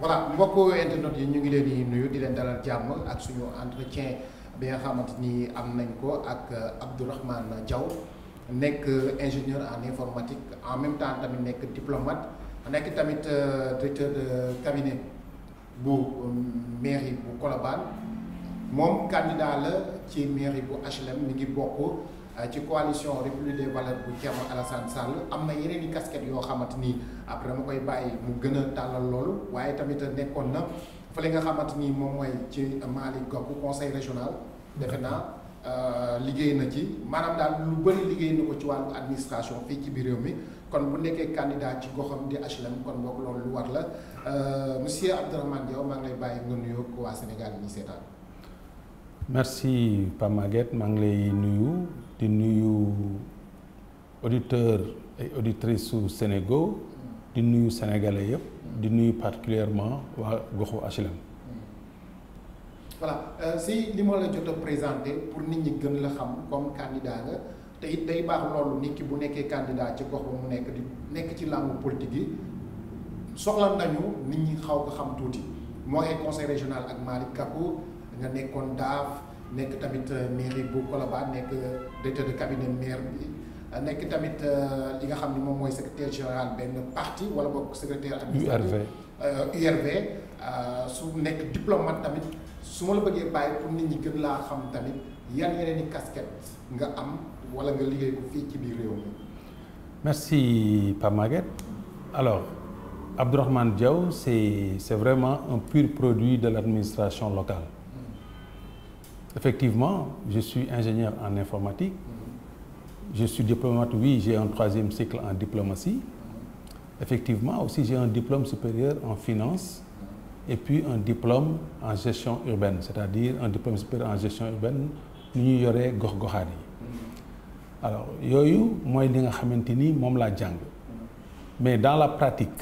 voilà mbokk internet yi ñu ngi leen di nuyu di leen dalal jàmm ak suñu entretien bi nga xamante ni am nañ ko ak euh, Abdourahmane jaw nekk euh, ingénieur en informatique en même temps tamit nekk diplomate nekk tamit euh, directeur de cabinet bu mairie bu Colobane moom candidat la ci mairie bu HLM mi ngi bokk. Euh, ci coalition République des Valeurs bu Thierno Alassane Sall am na yeneen i casquette yoo xamante nii après dama koy bàyyi mu gën a tàllal loolu waaye tamit nekkoon na fële nga xamante ni moom mooy ci Malick Gakou conseil régional defe naa. Euh, liggéey na ci maanaam daal lu bëri liggéey na ko ci wàllu administration fii ci biir réew mi kon bu nekkee candidat ci goxam di HLM kon bokk loolu lu war la euh, monsieur Abdourahmane Diaw maa ngi bàyyi nga nuyoo ko waa Sénégal yi ñuy seetaan. merci ngi lay nuyu di nuyu auditeur ay auditrice su Sénégal di nuyu sénégalais yëpp di nuyu particulièrement waa goxu HLM. voilà euh, si li ma la jot a présenté pour nit ñi gën la xam comme candidat nga te it day baax loolu nit bu nekkee candidat ci gox ba mu nekk di nekk ci làngu politique yi soxla nañu nit ñi xaw ko xam tuuti moo waxee conseil régional ak Malick Gakou nga nekkoon daaf nekk tamit euh, mairie bu Colobane nekk. Euh, directeur de cabinet maire bi euh, nekk tamit euh, li nga xam ne moom mooy secrétaire général benn parti wala boog secrétaire administratif URV euh, su nekk diplomate tamit su ma la bëggee bàyyi pour nit ñi gën laa xam tamit yan yeneen i nga am wala nga liggéey ko fii ci biir réew mi merci Pape Maguette alors Abdourahmane Diaw c'est c'est vraiment un pur produit de l'administration locale Effectivement, je suis ingénieur en informatique. Je suis diplomate, oui, j'ai un troisième cycle en diplomatie. Effectivement, aussi j'ai un diplôme supérieur en finance et puis un diplôme en gestion urbaine, c'est-à-dire un diplôme supérieur en gestion urbaine nu ñuy yoree gox-goxaan yi. alors yooyu mooy li nga xamante ni moom laa jàng mais dans la pratique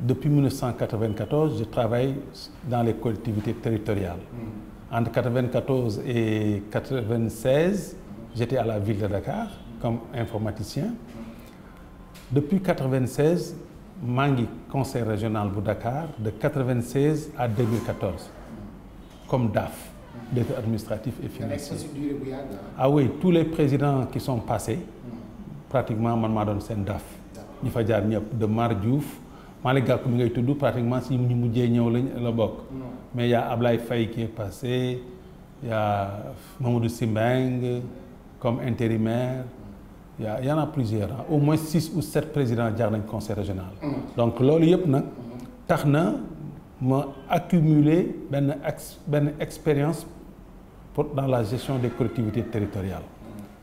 depuis 1994 je travaille dans les collectivités territoriales. Entre 94 et 96, j'étais à la ville de Dakar comme informaticien. Depuis 96, maa ngi conseil régional bu Dakar de 96 à 2014 comme DAF. directeur administratif et financier. Ah tous les présidents qui sont passés. man maa doon seen DAF. Malick Gakou mi ngay tudd pratiquement si mu jee ñëw lañ la bokk. mais y' a Ablaye Faye qui est passé y' a Mamadou Simbeng comme intérimaire y' a y' en a plusieurs au moins six ou sept président jaar nañ conseil régional. Mm. donc loolu yëpp nag. Mm-hmm. tax na ma accumuler benn ex expérience pour dans la gestion des collectivités territoriales.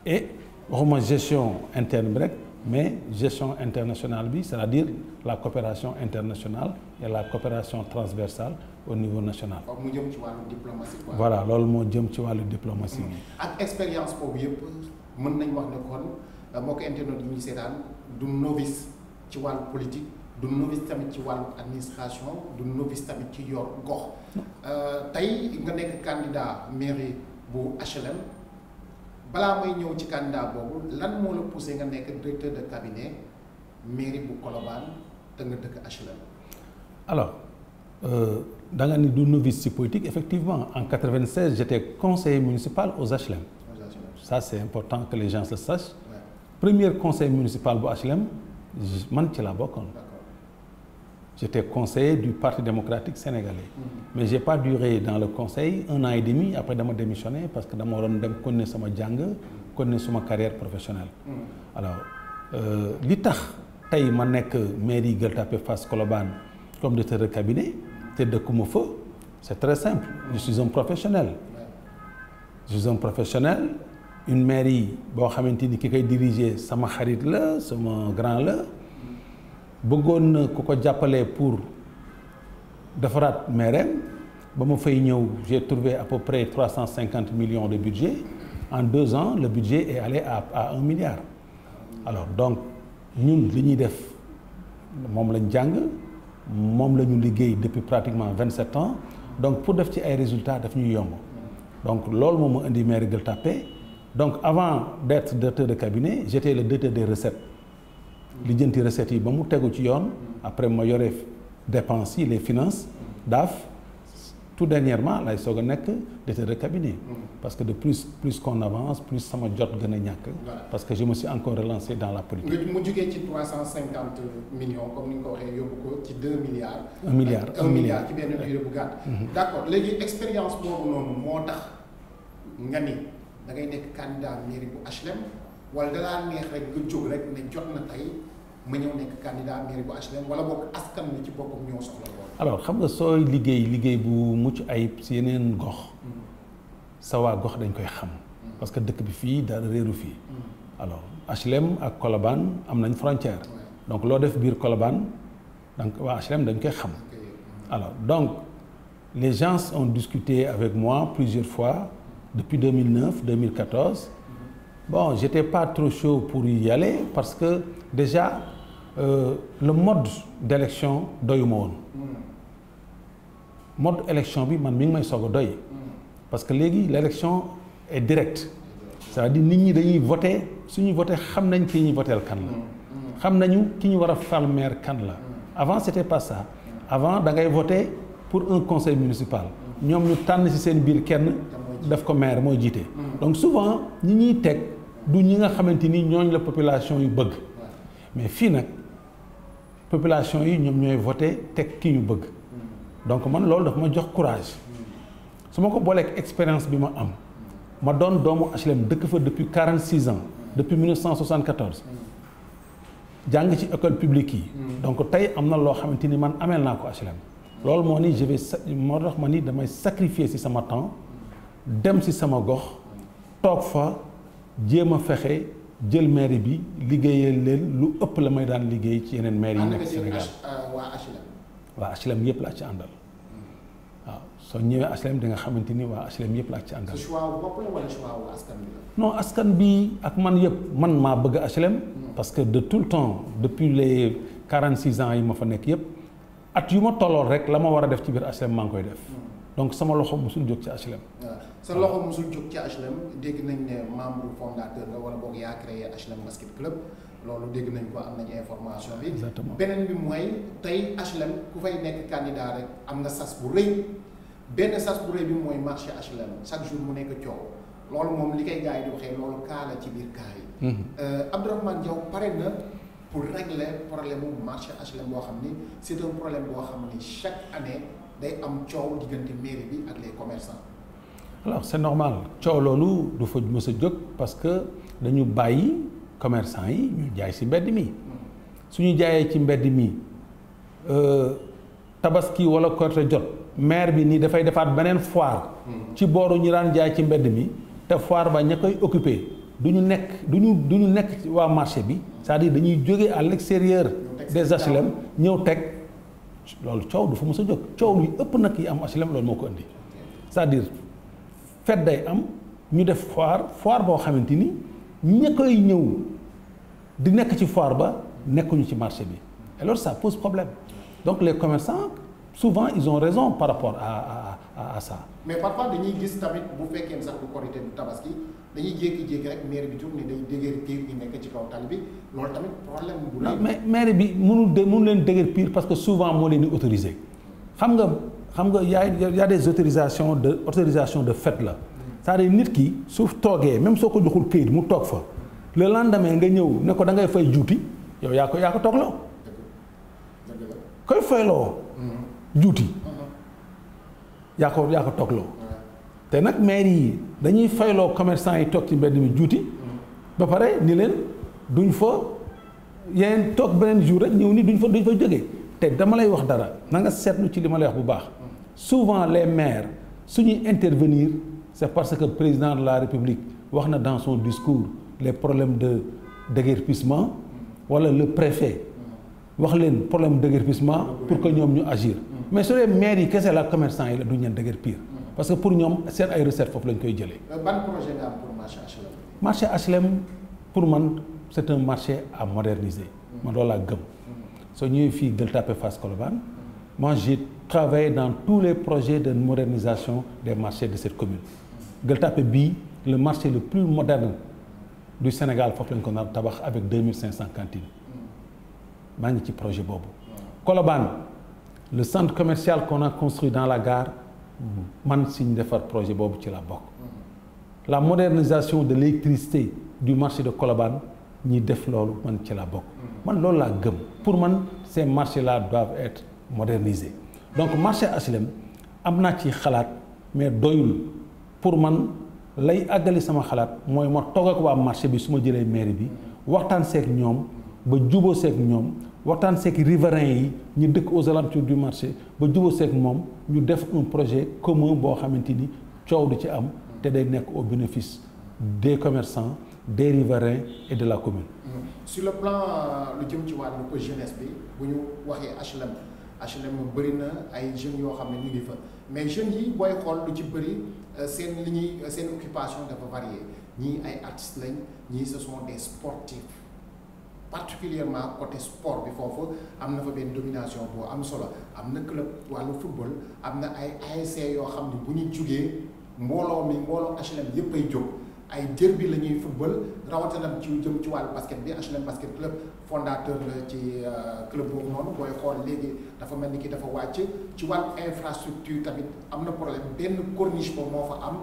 Mm-hmm. et waxuma gestion interne bi rek. mais gestion internationale bi c'est-à-dire la coopération internationale et la coopération transversale au niveau national. mu jëm ci wàllu diplomatie. voilà loolu moo jëm ci wàllu diplomatie bi. Hmm. ak expérience boobu yëpp mën nañ wax ne kon euh, mbokk internet yi ñuy seetaan du novice ci wàllu politique du novice tamit ci wàllu administration du novice tamit ci yoon gox euh, tey nga nekk candidat mairie bu HLM. balaa may ñëw ci candidat boobu lan moo la poussé nga nekk directeur de cabinet mairie bu Colobane te nga dëkk HLM. alors euh, da nga ni du novice ci politique effectivement en 96 j'étais conseiller municipal aux HLM. aux HLM. ça c'est important que les gens le sachent. Ouais. premier conseil municipal bu HLM man ci laa bokkoon. J'étais conseiller du Parti démocratique sénégalais. Mm-hmm. mais j'ai pas duré dans le conseil un an et demi après dama démissionné parce que dama waroon dem continuer sama jàng continuer carrière professionnelle. Mm-hmm. Euh, li tax tey ma nekk mairie Gueule Tapée Fass Colobane comme directeur de cabinet te dëkkuma fa c'est très simple. je suis un professionnel. je suis un professionnel une mairie boo xamante ni ki koy diriger sama xarit la sama grand la. bëggoon na ku ko jàppale pour defaraat maireem ba ma fay ñëw j'ai trouvé à peu près trois cent cinquante millions de budget en deux ans le budget est allé à à un milliard alors donc ñun li ñuy def moom lañ jàng moom la ñu liggéey depuis pratiquement vingt sept ans donc pour def ci ay résultats daf ñuy yomb donc loolu moom ma indi maire Gueule Tapée donc avant d'être directeur de cabinet j'étais le directeur des recettes lijjanti recettes yi ba mu tegu ci yoon après ma yore dépenses yi les finance daaf tout dernièrement lay soog a nekk directeur de cabinet mm-hmm. parce que de plus plus qu'on avance plus sama jot gën a ñàkk parce que je me suis encore relancé dans la politique mu jugee ci trois cent cinquante millions comme ni nga ko waxee yóbbu ko ci deux milliards un milliard un milliard ci benn durée bu gàtt mm-hmm. d'accord léegi expérience boobu noonu moo tax nga ni da ngay nekk candidat mairie bu HLM wala dalaa ma ñëw nekk candidat mairie bu HLM wala boog askan wi ci boppam ñoo soxla loolu. alors xam nga sooy liggéey liggéey bu mucc ayib si yeneen gox. Mm. sawa gox dañ koy xam. Mm. parce que dëkk bi fii dara réeru fii. Mm. alors HLM ak Colobane am nañ frontière. donc loo def biir Colobane donc waa HLM dañ koy xam. alors donc les gens ont discuté avec moi plusieurs fois depuis mille 2014. bon j'étais pas trop chaud pour y aller parce que déjà euh, le mode d'élection doyuma woon mm. mode élection bi man mi ngi may soog a doy mm. parce que léegi l'élection est directe cest di nit ñi dañuy voter suñu voter xam nañ ki ñuy voteel kan la mm. xam nañu ki ñu war a fal kan la avant c'était pas ça avant da ngay voter pour un conseil municipal ñoom ñu tànn ci seen biir kenn def ko maire mooy jiite. donc souvent ñi ñuy teg du ñi nga xamante ni ñooñ la population yu bëgg mais fii nag population yi ñoom ñooy voté teg ki ñu bëgg donc man loolu dafa ma jox courage su ma ko booleek expérience bi ma am ma doon doomu HLM dëkk fa depuis 46 ans depuis 1974 jàng ci école publique yi. donc tey am na loo xamante ni man ameel naa ko HLM. loolu moo ni je vais moo tax ma ni damay sacrifier ci sama temps. dem si sama gox toog fa jéem a fexe jël mairie bi liggéeyal leen lu ëpp la may daan liggéey ci yeneen maire yi nekk Sénégal euh, waa HLM yëpp laa ci àndal hmm. waaw soo ñëwee HLM di nga xamante ni waa HLM yëpp laa ci àndal. non askan bi ak man yëpp man maa bëgg HLM. Hmm. parce que de tout le temps depuis les quarante six ans yi ma fa nekk yëpp at yu ma tolloon rek la ma war a def ci biir HLM maa ngi koy def hmm. donc sama loxo mosul jóg ci HLM. sa loxo mosul jóg ci HLM dégg nañ ne membre fondateur nga wala boog yaa créé HLM basket club loolu dégg nañ ko am nañ information bi. beneen bi mooy tey HLM ku fay nekk candidat rek am na sas bu rëy benn sas bu rëy bi mooy marché HLM chaque jour mu nekk coow loolu moom li koy gars yi di waxee loolu kaa la ci biir kaa yi. Mhm. Euh, Abdourahmane Diaw pare na pour régler problème mu marché HLM boo xam ni c' est un problème boo xam ni chaque année day am coow diggante mairie bi ak les commerçants. alors c'est normal coow loolu du fa mës a jóg parce que dañu bàyyi commerçant yi ñu jaay ci mbedd mi suñu jaayee ci mbedd mi euh, tabaski wala Korité jot maire bi nii dafay defaat beneen foire hmm. ci booru ñu daan jaay ci mbedd mi te foire ba ña koy occupé du ñu nekk du ñu du ñu nekk waa marché bi cest à dañuy jóge à l'extérieur des HLM ñëw teg loolu coow du fa mës a jóg coow lu ëpp nag yi am HLM loolu moo ko indi cest fête day am ñu def foir foire boo xamante ni ñu ña koy ñëw di nekk ci foire ba nekkuñu ci marché bi alors ça pose problème donc les commerçants souvent ils ont raison par rapport à à mais ça. mais parfois dañuy gis tamit bu fekkee ne sax du korité du tabaski dañuy jékki-jékki rek maire bi tuuti ne day dëgër piir ñu nekk ci kaw tali bi loolu tamit problème bu. mais mairie bi mënul de mënul leen dëgër piir parce que souvent moo leen di autorisé xam nga. xam nga y' a y' a des autorisations de autorisation de fait la cest à nit ki suuf toogee même soo ko joxul këyit mu toog fa le lendemain nga ñëw ne ko dangay fay juuti yow yaa ko yaa ko toog loo koy fayloo juuti yaa ko yaa ko toog loo te nag maire yi dañuy fayloo commerçant yi toog ci mbedd mi juuti ba pare ni leen duñ fa yeneen toog beneen jur rek ñëw ni duñ fa duñ fa jóge te dama lay wax dara na nga seetlu ci li ma lay wax bu baax souvent les maires suñuy intervenir c'est parce que président de la république wax na dans son discours les problèmes de déguerpissement wala le préfet wax leen problème déguerpissement pour que ñoom ñu agir mais su dee maires yi kese la commerçant yi la duñ leen déguerpir parce que pour ñoom seen ay recettes foofu lañ koy jëlee. Euh, ban projet nga am pour marché HLM. H&M, pour man c'est un marché à moderniser. man loolu gëm. soo ñëwee fii Gueule Tapée Fass Colobane moi travailler dans tous les projets de modernisation des marché de cette commune Gueule Tapée bii le marché le plus moderne du Sénégal foofu lañ ko nar tabax avec 2500 cantines maa ngi ci projet boobu Colobane le centre commercial kon a construit dans la gare man si ñu defar projet boobu ci la bokk la modernisation de l'électricité du marché de Colobane ñi def loolu man ci la bokk man loolu laa gëm pour man ces marchés la doivent être modernisés donc marché HLM am naa ci xalaat mais doyul pour man lay àggali sama xalaat mooy ma toog ak waa marché bi su ma jëlee mairie bi waxtaan seek ñoom ba jubo seek ñoom waxtaan seeg riverain yi ñu dëkk aux alentours du marché ba jubo seek moom ñu def un projet commun boo xamante ni coow du ci am te day nekk au bénéfice des commerçants des riverains et de la commune. sur le plan euh, lu jëm ci wàllu jeunesse bi bu HLM moom bëri na ay jeunes yoo xam ne ñu ngi fa mais jeunes yi booy xool lu ci bëri euh, seen li ñuy euh, seen occupation dafa varié ñii ay artistes lañ ñii ce sont des sportifs particulièrement côté sport bi foofu am na fa benn domination boo am solo am na club wàllu football am na ay ASC yoo xam ne bu ñu jugee mbooloo mi mbooloo HLM yépp ay jóg ay derby la ñuy football rawatina ci jëm ci wàllu basket bi HLM basket club fondateur la ci euh, club boobu noonu booy xool léegi dafa mel ni kii dafa wàcc ci wàllu infrastructure tamit am na problème benn corniche boobu moo fa am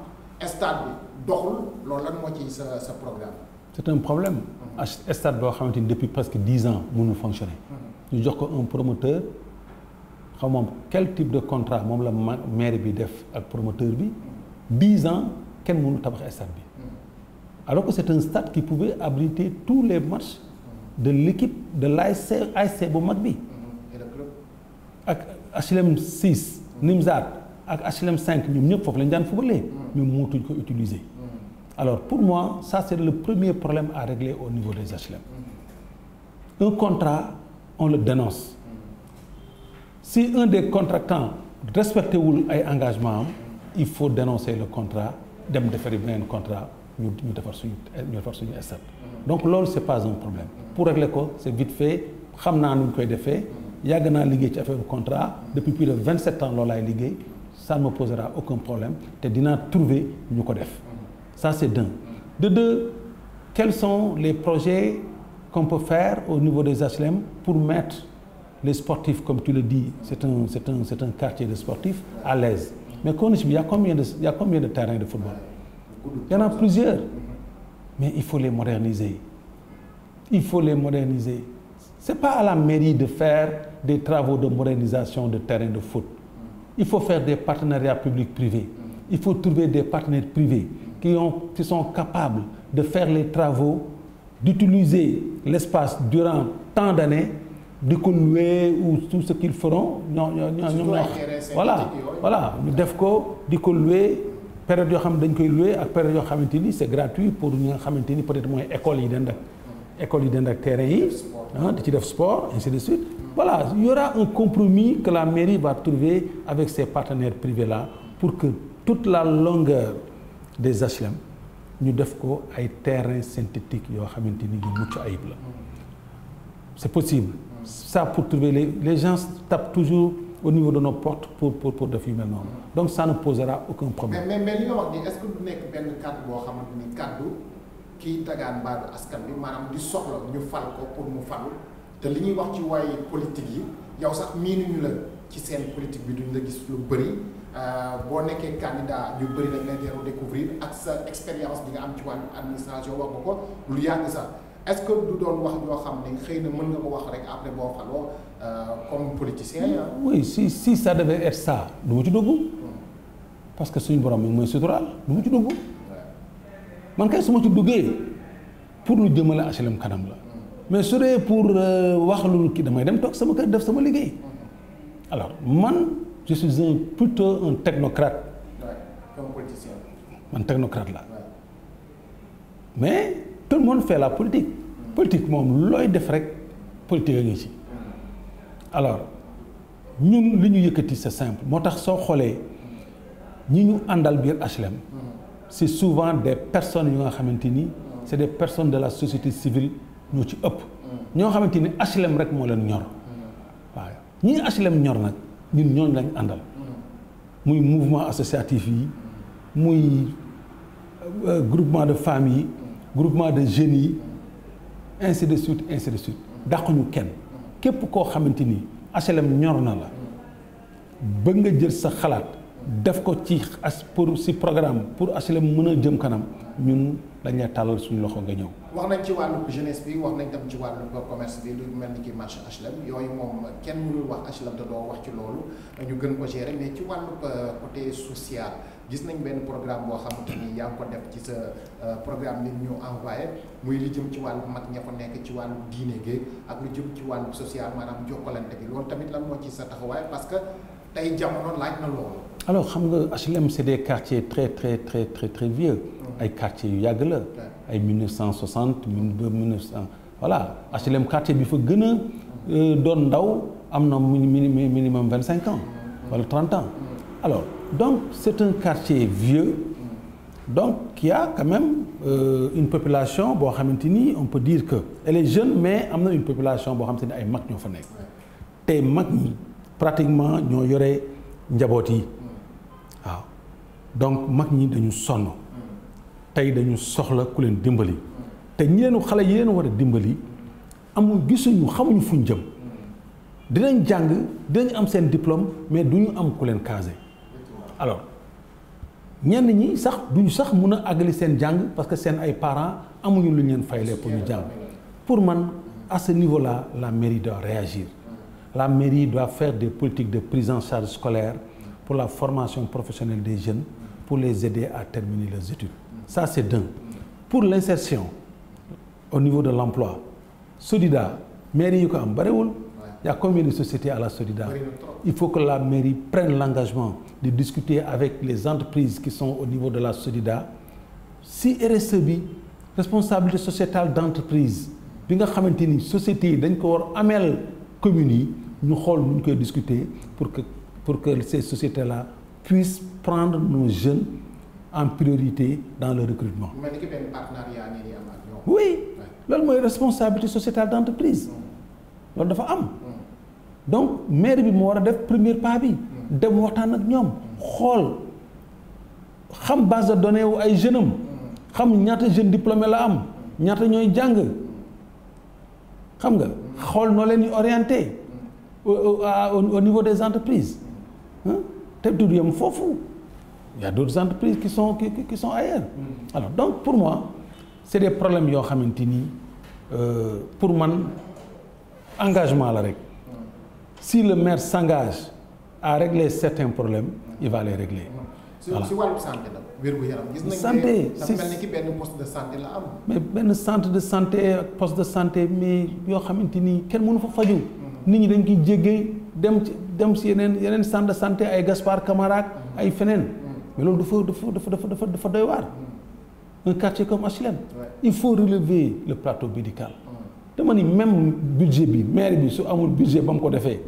stade bi doxul loolu lan moo ci sa sa problème c' est un problème. Mmh. stade boo xamante ni depuis parce presque dix ans mënul fonctionner. Mm-hmm. ñu jox ko un promoteur xam moom quel type de contrat moom la maire bi def ak promoteur bi mm-hmm. dix ans kenn mënul tabax stade bi. alors que c'est un stade qui pouvait abriter tous les matchs de l'équipe de l'ASC ASC bu mag bi mm-hmm. ak HLM 6 Nimzaat ak HLM 5 ñoom ñëpp foofu lañu daan fubalee mm. mais mootuñ ko utiliser mm. alors pour moi ça c'est le premier problème à régler au niveau des HLM mm. un contrat on le dénonce si un des contractants respecté wul ay engagement am il faut dénoncer le contrat dem defari beneen contrat ñu ñu defar suñu ñu defar suñu mm-hmm. donc loolu c' est pas un problème mm-hmm. pour régler ko c' vite fait xam naa nu ñu koy defee yàgg naa liggéey ci affaire contrat depuis plus de 27 ans loolu laay liggéey ça ne me posera aucun problème te dinaa trouver ñu ko def mm-hmm. ça c' est d'un de deux quels sont les projets qu'on peut faire au niveau des HLM pour mettre les sportifs, comme tu le dis, c'est un, quartier de sportifs, à l'aise. Mais Konich, il y combien de, il y a combien de terrains de football Il plusieurs. Mais il faut les moderniser. Il faut les moderniser. Ce pas à la mairie de faire des travaux de modernisation de terrain de foot. Il faut faire des partenariats publics-privés. Il faut trouver des partenaires privés qui, ont, qui sont capables de faire les travaux, d'utiliser l'espace durant tant d'années di ko louer ou tout ce qu'ils feront voilà voilà def ko di ko louer période yoo xam ne dañ koy loué ak période yoo xamante ni c'est gratuit pour ñi nga xamante ni peut yi dend école yi dend terrain yi ah ci def sport ainsi de suite voilà il y un compromis que la mairie va trouver avec ses partenaires privés là pour que toute la longueur des HLM ñu def ko ay terrain synthétique yoo xamante nii ñu mucc ayib la c'est possible ça pour trouver les les gens tapent toujours au niveau de nos portes pour pour pour def yu mel noonu donc ça ne posera aucun problème. mais mais li nga wax nii est du nekk benn kàddu boo xamante ni kàddu kiy tagaan baatu askan bi maanaam di soxla ñu fal ko pour mu falu te li ñuy wax ci waaye politique yi yow sax miinuñu la ci seen politique bi duñ la gis lu bëri euh, boo nekkee candidat ñu bëri dañ leen di découvrir ak sa expérience bi nga am ci wàllu administration wax nga ko lu yàgg sax. est-ce que du doon wax yoo xam ne xëy na mën nga ko wax rek après boo xaloo euh, comme politicien yi oui si si ça devait être ça du ci dugg. parce que suñu borom mi mooy suturaal du ma ci dugg. man kay su ma ci duggee pour lu jëmale HLM kanam la. mais su dee pour euh, wax lu kii damay dem toog sama kër def sama liggéey. Mm-hmm. alors man je suis un plutôt un technocrate la mais. tout le monde fait la politique politique moom looy def rek politique a ngi ci alors ñun li ñu yëkkati sa simple moo tax soo xoolee ñi ñu àndal biir HLM c'est souvent de personnes yu nga xamante ni c'est des personnes de la société civile ñoo ci ëpp ñoo xamante ni HLM rek moo leen ñor waaw ñi HLM ñor nag ñun ñooñ lañ àndal muy mouvement associatif yi muy euh, groupement de femmes yi groupement de jeunes yi ainsi de suite ainsi de suite dàquñu kenn képp koo xamante ni HLM ñor na la ba nga jël sa xalaat def ko ci as pour si programme pour HLM mën a jëm kanam ñun dañ lay tàllal suñu loxo nga ñëw. wax nañ ci wàllu jeunesse bi wax nañ tam ci wàllu commerce bi lu mel ni ki marché HLM yooyu moom kenn mu mënul wax HLM te doo wax ci loolu ñu gën ko rek ne ci wàllu euh, côté social. gis nañ benn programme boo xamante ni yaa ngi ko ci sa euh, programme bi ñu envoyé muy li jëm ci wàllu mag ña nekk ci wàllu diine géeg ak lu jëm ci wàllu social maanaam bi loolu tamit lan moo ci sa taxawaay parce que tey jamono laaj na loolu. alors des quartiers très très très très très vieux. Mm. ay quartiers yu yàgg la. ay 1960 1900 voilà HLM quartier bi fa gën a euh, doon ndaw am na minimum 25 ans mm. wala 30 ans mm. alors. donc c'est un quartier vieux donc il y même euh, une population boo xamante ni on peut diir que elle jeunes mais am na une population boo xamante ni ay mag ñoo fa nekk tey mag ñi pratiquement ñoo yore njaboot yi waaw donc mag ñi dañu sonn tey dañu soxla ku leen dimbali te ñi leen xale yi leen war a dimbali amul gisuñu xamuñu fuñ jëm dinañ jàng dinañ am seen diplôme mais du ñu am ku leen casé. alors ñenn ñi sax duñu sax mun a àggali seen jàng parce que seen ay parents amuñu lu ñu fay fayalee pour ñu jàng pour man à ce niveau là la mairie doit réagir la mairie doit faire des politiques de prise en charge scolaire pour la formation professionnelle des jeunes pour les aider à terminer leurs études ça c'est d'un pour l'insertion au niveau de l'emploi SODIDA mairie yi ko am bariwul Il y a combien de à la Solidar Il faut que la mairie prenne l'engagement de discuter avec les entreprises qui son au niveau de la Solidar. Si RSE bi responsabilité sociétale d'entreprise bi nga xamante ni société yi dañ ko war ameel communes yi ñu xool nu ñu koy discuter pour que pour que ces sociétés la puissent prendre nos jeunes en priorité dans le recrutement. oui loolu mooy responsabilité sociétale d'entreprise mm. loolu dafa am. Mm. donc maire bi moo war a def première pas bi. dem waxtaan ak ñoom. xool xam base de données wu ay jeunes xam ñaata jeune diplômé la am. ñaata ñooy jàng. xam nga xool noo leen di orienté. au niveau des entreprises. te du yem foofu. il y a d'autres entreprises qui sont qui qui donc pour moi c'est des problèmes yoo xamante ni euh, pour man engagement la rek. si le maire sangage a régler certains problèmes il va les régler. voilà si wàllu santé la wér gu gis nañ ne dafa mel ni ki benn poste de santé la mais benn centre de santé ak poste de santé mais yoo xamante ni kenn mënu fa faju mm-hmm. nit ñi dañ koy jéggee dem ci dem si yeneen yeneen centre de santé ay Gaspard Camara mm-hmm. ay feneen. Mm-hmm. mais loolu dafa dafa dafa dafa dafa doy waar. un quartier comme HLM. il faut relever le plateau médical. dama ni même budget bi maire bi su amul budget ba mu ko defee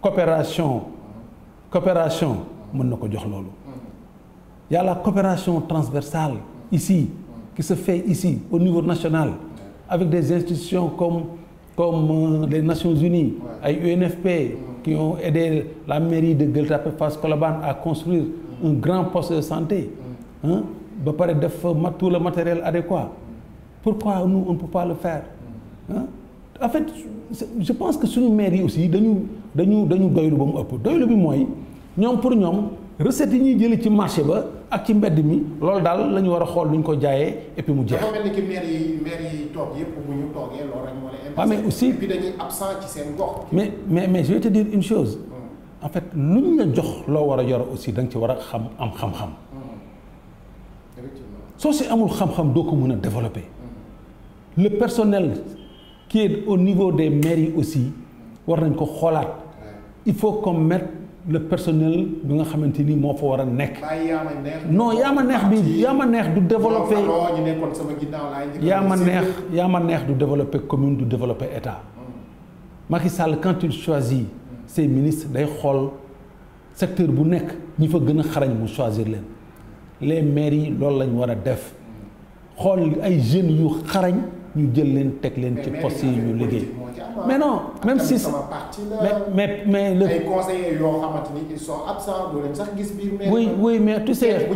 coopération coopération mën na ko jox loolu y coopération transversale ici qui se fait ici au niveau national avec des institutions comme comme euh, les Nations Unies ay UNFP qui ont aidé la mairie de Gueule Tapée Fass Colobane à construire un grand poste de santé ba pare def tout le matériel adéquat pourquoi nous on ne peut pas le faire en fait je pense que suñu maire yi aussi dañu dañu dañu doylu ba mu ëpp doylu bi mooy ñoom pour ñoom recette yi ñuy jëlee ci marché ba ak ci mbedd mi loolu daal la ñu war a xool lu ko jaayee et mu jeex. dafa mel maire yi maire yi ah, mais aussi et puis dañuy seen gox. mais mais mais je vais te dire une chose. Hmm. en luñ la jox loo war a yor aussi da nga ci war a xam am xam-xam. Hmm. soo si amul xam-xam doo ko mën a développer. Hmm. le personnel. qui au niveau des mairies aussi war nañ ko xoolaat il faut qu'on mette le personnel bi nga xamante ni moo fa war a nekk. non yaa ma neex bi yaa ma neex du développer yaa ma neex yaa ma neex du développer commune du développer état mm. Macky Sall quand il choisit ses day xool secteur bu nekk ñi fa gën a xarañ mu choisir leen les maires yi loolu lañ war a def xool ay jeunes yu xarañ. ñu jël leen teg leen ci poste yi ñu liggéey. mais non même si mais mais mais le. ay conseillers yoo xamante ni ils mais tu sais.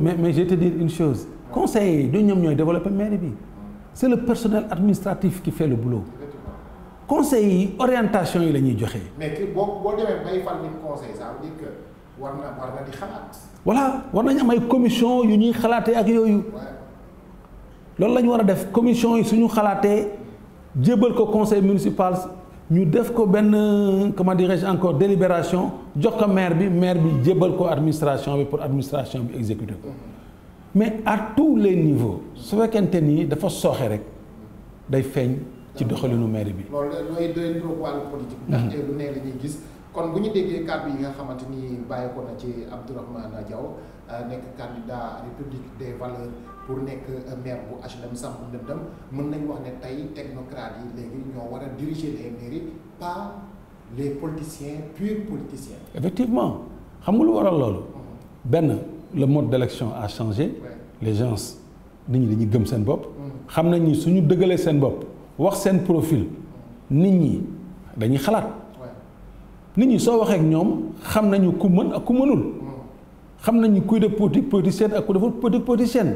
mais je te dire une chose. conseillers du ñoom ñooy développer mairie bi. c'est le personnel administratif ki fait le boulot. conseil yi orientation yi la ñuy joxe. mais ki boo boo demee bay fal war nañu am ay commission yu ñuy xalaatee ak yooyu. loolu lañu war a def commission yi suñu xalaatee jébal ko conseil municipal ñu def ko benn comment dirais-je encore délibération jox ko maire bi maire bi jébal ko administration bi pour administration bi exécuter ko mais à tous les niveaux su fekkente nii dafa sooxe rek day feeñ ci doxalinu maire bi. loolu looy doy wàllu politique. Mm-hmm. ndaxte lu ne la ñuy gis kon bu ñu déggee kàddu yi nga xamante ni bàyyi ko na ci Abdourahmane jaw Euh, nekk candidat république des valeurs pour nekk euh, maire bu HLM Samb Ndëndëm mën nañ wax ne tey technocrates yi léegi ñoo war a diriger les mairies pas les politiciens purs politiciens. effectivement xam nga lu waral loolu. Mm-hmm. benn le mode d'élection a changé. les gens nit ñi dañuy gëm seen bopp. Mm-hmm. xam nañ ni suñu dëggalee seen bopp wax seen profil mm-hmm. nit ñi dañuy xalaat. nit ñi soo waxee ak ñoom xam nañu ku mën ak ku mënul. xam nañu kuy def politique politicienne ak ku deful politique politicienne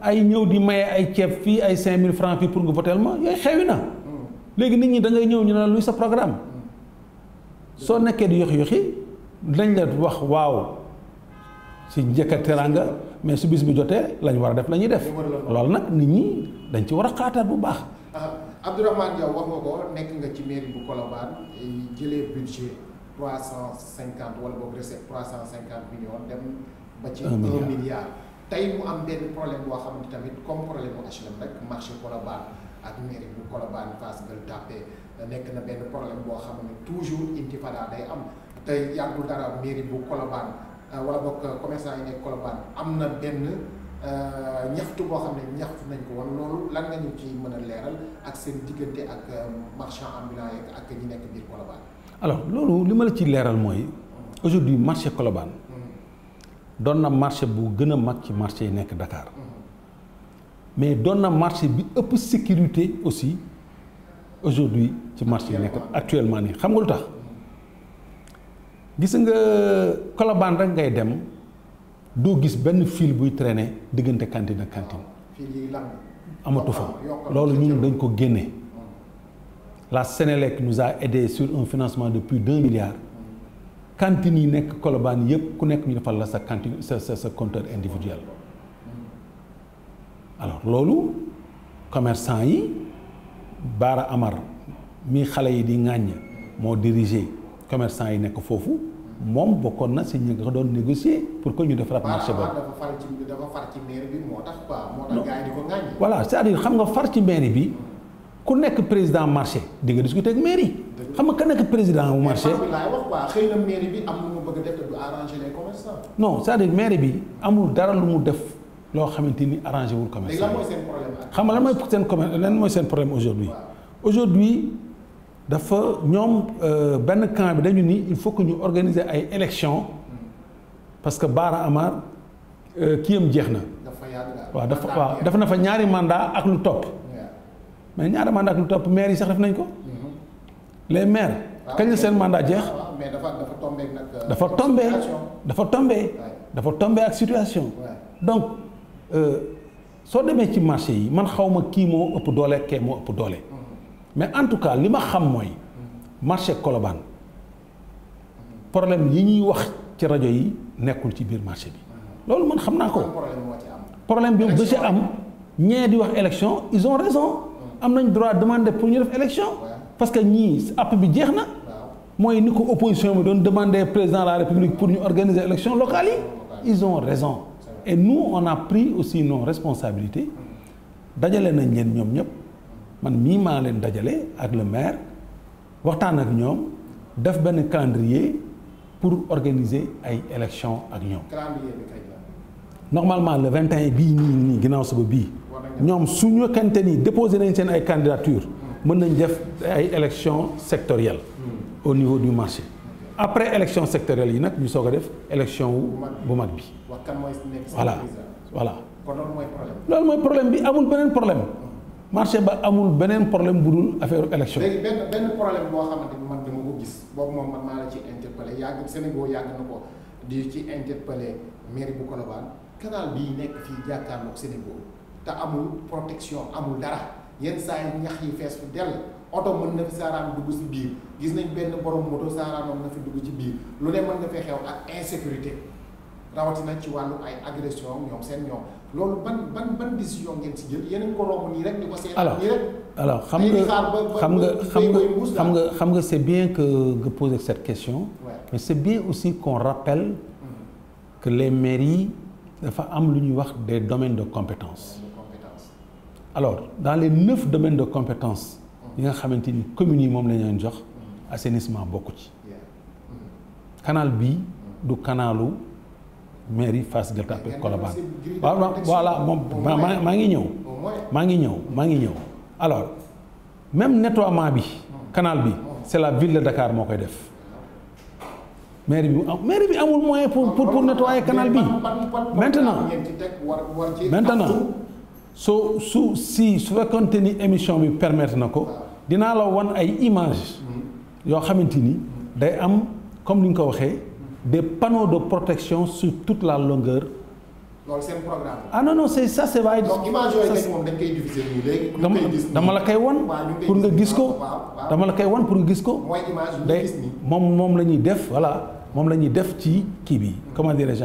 ay ñëw di maye ay ceeb fii ay mille francs fii pour nga votel ma yooyu xewi na léegi nit ñi da ngay ñëw ñu ne luy sa programme soo nekkee di yox yoxi dinañ la wax waaw si njëkk ak teraanga mais su bis bi jotee lañ war a def la ñuy def lool nag nit ñi dañ ci war a xaataat bu baax ah, Abdourahmane Diaw wax nga ko nga ci mairie bu Colobane jëlee budget trois cent cinquante wala boog recette trois cent cinquante millions dem ba ci un milliard tey mu am benn problème boo xam xamante tamit comme problème mu HLM rek marché Colobane ak mairie bu Colobane Fass Gueule Tapée euh, nekk na benn problème boo xam ne toujours intifada day am tey yàggul dara mairie bu Colobane euh, wala boog commerçant yi nekk am na benn euh, ñaxtu boo xam ne ñaxtu nañ ko woon loolu lan nga ñu ci mën a leeral ak seen diggante ak marchand ambulant yeeg ak ñi nekk biir Colobane alors loolu li ma la ci leeral mooy aujourd'hui marché Colobane doon na marché bu gën a mag ci marché yi nekk Dakar mais doon na marché bi ëpp sécurité aussi aujourd'hui ci marché yi nekk actuellement nii xam nga lu tax gis nga Colobane rek ngay dem doo gis benn fil buy traîner diggante cantine ak cantine amatu fa loolu ñun dañ ko génne la Sénélec nous a aidé sur un financement de plus d'un milliard cantine yi nekk Colobane yëpp ku nekk ñu defal la sa cantine sa sa sa compteur individuel alors loolu commerçant yi Baara Amar mi xale yi di ŋàññ moo diriger commerçant yi nekk foofu moom bokkoon na si ñi nga ko doon négocier pour que ñu defaraat marché boobu. dafa far ci dafa xam nga far ci mairie bi. ku nekk président marché di nga discuter ak mairie. xam nga ka nekk président wu marché. xëy na mairie bi am lu bëgg a def te du arranger mairie bi amul dara lu mu def loo xamante ni arrangé wul commerçant. xam nga lan mooy seen problème lan mooy seen problème aujourd'hui aujourd'hui dafa ñoom euh, benn camp bi dañu ni il faut que ñu organiser ay élections parce que Bara Amar euh, kiyam jeex na. dafa waaw dafa waaw dafa na fa ñaari mandat ak lu topp. mais ñaari mandat lu topp mair yi sax def nañ ko. Mm-hmm. les maires. Ah, kañ la seen mandat jeex. mais dafa dafa euh, dafa tombé dafa tombé. dafa tombé ak situation. donc euh, soo demee ci marché yi man xaw ma kii moo ëpp doole kee moo ëpp doole. Mm-hmm. mais en tout cas li ma xam mooy. Mm-hmm. marché Colobane problème yi ñuy wax ci rajo yi nekkul ci biir marché bi. loolu man xam naa ko. problème bi da ci am ñee di wax élection ils ont raison. am nañ droit demander pour ñu def élection parce que ñii app bi jeex na mooy ni ko opposition bi doon demander président de la république pour ñu organiser élection locale yi ils ont raison et nous on a pris aussi nos responsabilités dajale nañ leen ñoom ñëpp man mii maa leen dajale ak le maire waxtaan ak ñoom def benn calendrier pour organiser ay élection ak ñoom normalement le 21 bii nii nii ginnaaw suba bii ñoom su ñu kante ni déposé nañ seen ay candidature mën nañ def ay élection sectorielle hmm. au niveau du marché après élection sectorielle yi nag ñu soog a def élection wu bu mag bi voilà voilà loolu mooy problème bi amul beneen problème hmm. marché ba amul beneen problème bu dul affaire élection léegi benn problème boo xamante ni man dama ko gis boobu moom man maa la ci interpellé yàgg Sénégal yàgg na ko di ci interpellé mairie bu Colobane canal bii nekk fii jàkkaarloog Sénégal te amul protection amul dara yenn saa yi ñax yi fees fu dell oto mën na fi saaraan dugg si biir gis nañ benn borom moto saaraan na fi dugg ci biir lu ne mën na xew ak insécurité rawatina ci wàllu ay agression ñoom seen ñoom loolu ban ban ban décision ngeen si jël yéen ko romb nii rek di ko seet nii rek alors xam nga xam nga xam nga xam nga xam nga c'est bien que nga poser cette question mais c'est bien aussi qu'on rappelle mm-hmm. que les mairies dafa am lu ñuy wax des domaines de compétence alors dans les neuf demaine de compétence yi nga xamante ni communes yi moom la ñu jox assainissement bokku ci canal bii du canalu mairie Fass Gueule Tapée Colobane waaw voilà moom maa ngi ñëw maa ngi ñëw maa ngi ñëw alors même nettoiement bi canal bi c'est la ville de Dakar moo koy def mairie bi mairie bi amul moyen pour pour pour nettoyer bi maintenant maintenant soo su si su fekkante ni émission bi permettre na ko dinaa la wan ay images yoo xamante ni day am comme ni nga ko waxee de panneaux de protection sur tout la longueur. loolu seen programme ah non moom dañ dama la koy wan. pour nga gis ko dama la koy wan pour nga gis ko. mooy moom moom la ñuy def voilà moom la ñuy def ci kii bi. comment dirais-je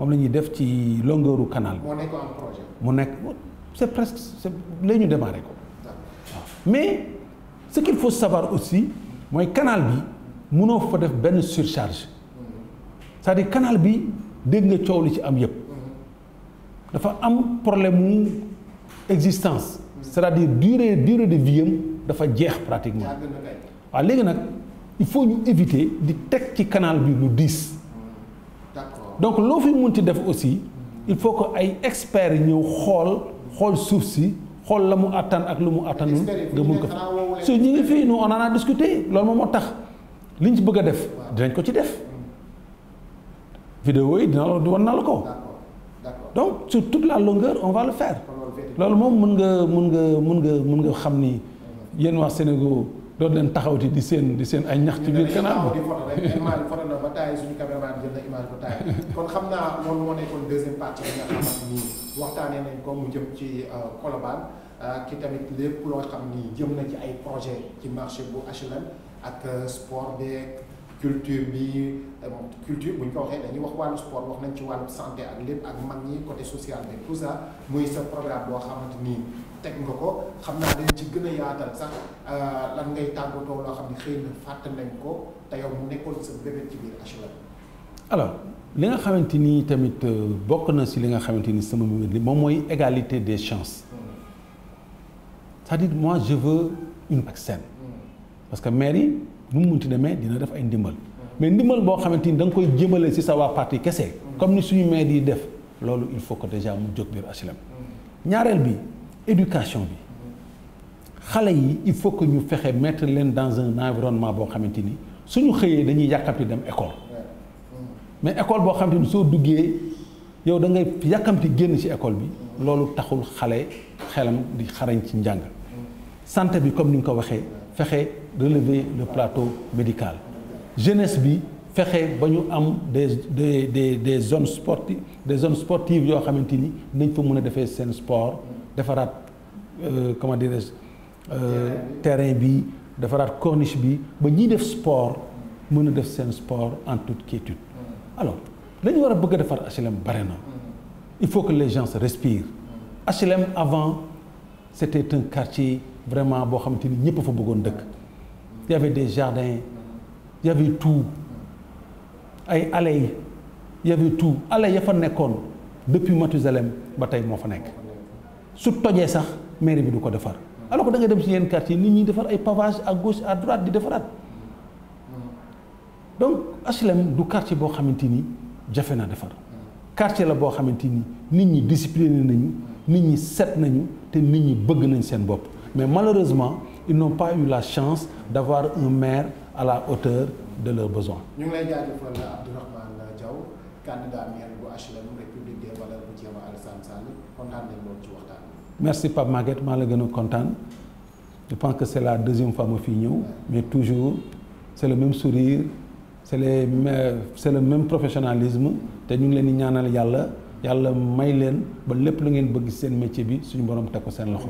moom la ñuy def ci longueuru canal bi. moo mu nekk. c'est presque c'est léegi ñu démarré ko mais ce il faut savoir aussi mooy kanaal bi mënoo fa def benn surcharge cest à kanaal bi dégg nga coow lu ci am yëpp dafa am problème mu existence c'est-à-dire durée durée de vie dafa jeex pratiquement waa léegi nag il faut ñu éviter di teg ci kanaal bi lu diis donc loo fi mun ci def aussi il faut que ay experts ñëw xool xool suuf si xool la mu àttan ak lu mu àttanul nga mun ko su ñu ngi fii nous on en a discuté loolu moom moo tax liñ ci bëgg a def dinañ ko ci def vidéo yi dina la wan na la ko donc sur toute la longueur on va le loolu moom mun nga mun nga mun nga mun nga xam ni mhm. yéen waa Sénégal doon leen taxawti di seen di seen ay ñax ci biir canal bi kon xam naa moom moo nekkoon deuxième partie bi nga xamante ni waxtaanee nañ ko mu jëm ci euh, Colobane euh, ki tamit lépp loo xam ni jëm nañ ci ay projet ci marché bu HLM ak euh, sport beeg culture bi culture bu ñu ko waxee dañuy wax wàllu sport wax nañ ci wàllu santé ak lépp ak mag ñi côté social bi tout ça muy sa programme boo xamante ni teg nga ko xam naa dañ ci gën a yaatal sax lan ngay tàggatoo loo xam ne xëy na fàtte nañ ko te yow mu nekkoon sa bébét ci biir HLM. alors li nga xamante ni tamit euh, bokk na si li nga xamante ni sama mbir moom mooy égalité des chances c'est-à-dire moi parce que maire yi nu mu munti demee dina def ay ndimbal mais ndimbal boo xamante ni da nga koy jëmale si sa waa parti kese comme ni suñu maire yi def loolu il faut que déjà mu jóg biir HLM ñaareel bi éducation bi xale yi il faut que ñu fexe mettre leen dans un environnement boo xamante ni suñu xëyee dañuy yàkkamti dem école mais école boo xam te ni soo duggee yow da ngay yàkkamti génn ci école bi loolu taxul xale xelam di xarañ ci njàng santé bi comme ni nga ko waxee fexe relever le plateau médical jeunesse bi fexe ba ñu am des de des des zones sportives des zones sportives yoo xamante ni nañ fa mën a defee seen sport defaraat euh, comment dirais-je euh, terrain bi defaraat corniche bi ba ñiy def sport mën a def seen sport en tout quiétude alors la war a bëgg a defar HLM bare na il faut que les gens se respirent HLM avant c' était un quartier vraiment boo xamante ni ñëpp fa bëggoon dëkk y avait des jardins y ay allées y avait tout allées ya fa nekkoon depuis Mathusalem ba tey moo fa nekk su tojee sax maire bi du ko defar alors que da ngay dem si yenn quartier nit ñi defar ay pavage à gauche à droite di defaraat. donc HLM du quartier boo xamante ni jafe na defar quartier la boo xamante ni nit ñi discipliné nañu nit ñi set nañu te nit ñi bëgg nañ seen bopp mais malheureusement ils n'ont pas eu la chance d'avoir un maire à la hauteur de leurs besoins. ñu ngi lay jaajëfal Abdourahmane Diaw candidat maire bu HLM République des Valeurs bu Thiéba Alassane Sall kontaan nañ loolu ci waxtaan merci Pape Maguette maa la gën a kontaan je pense que c'est la deuxième fois fii ñëw mais toujours c'est même sourire. c'est les c'est même professionnalisme te ñu ngi leen di ñaanal yàlla yàlla may leen ba lépp lu ngeen bëgg seen métier bi suñu borom teg ko seen loxo.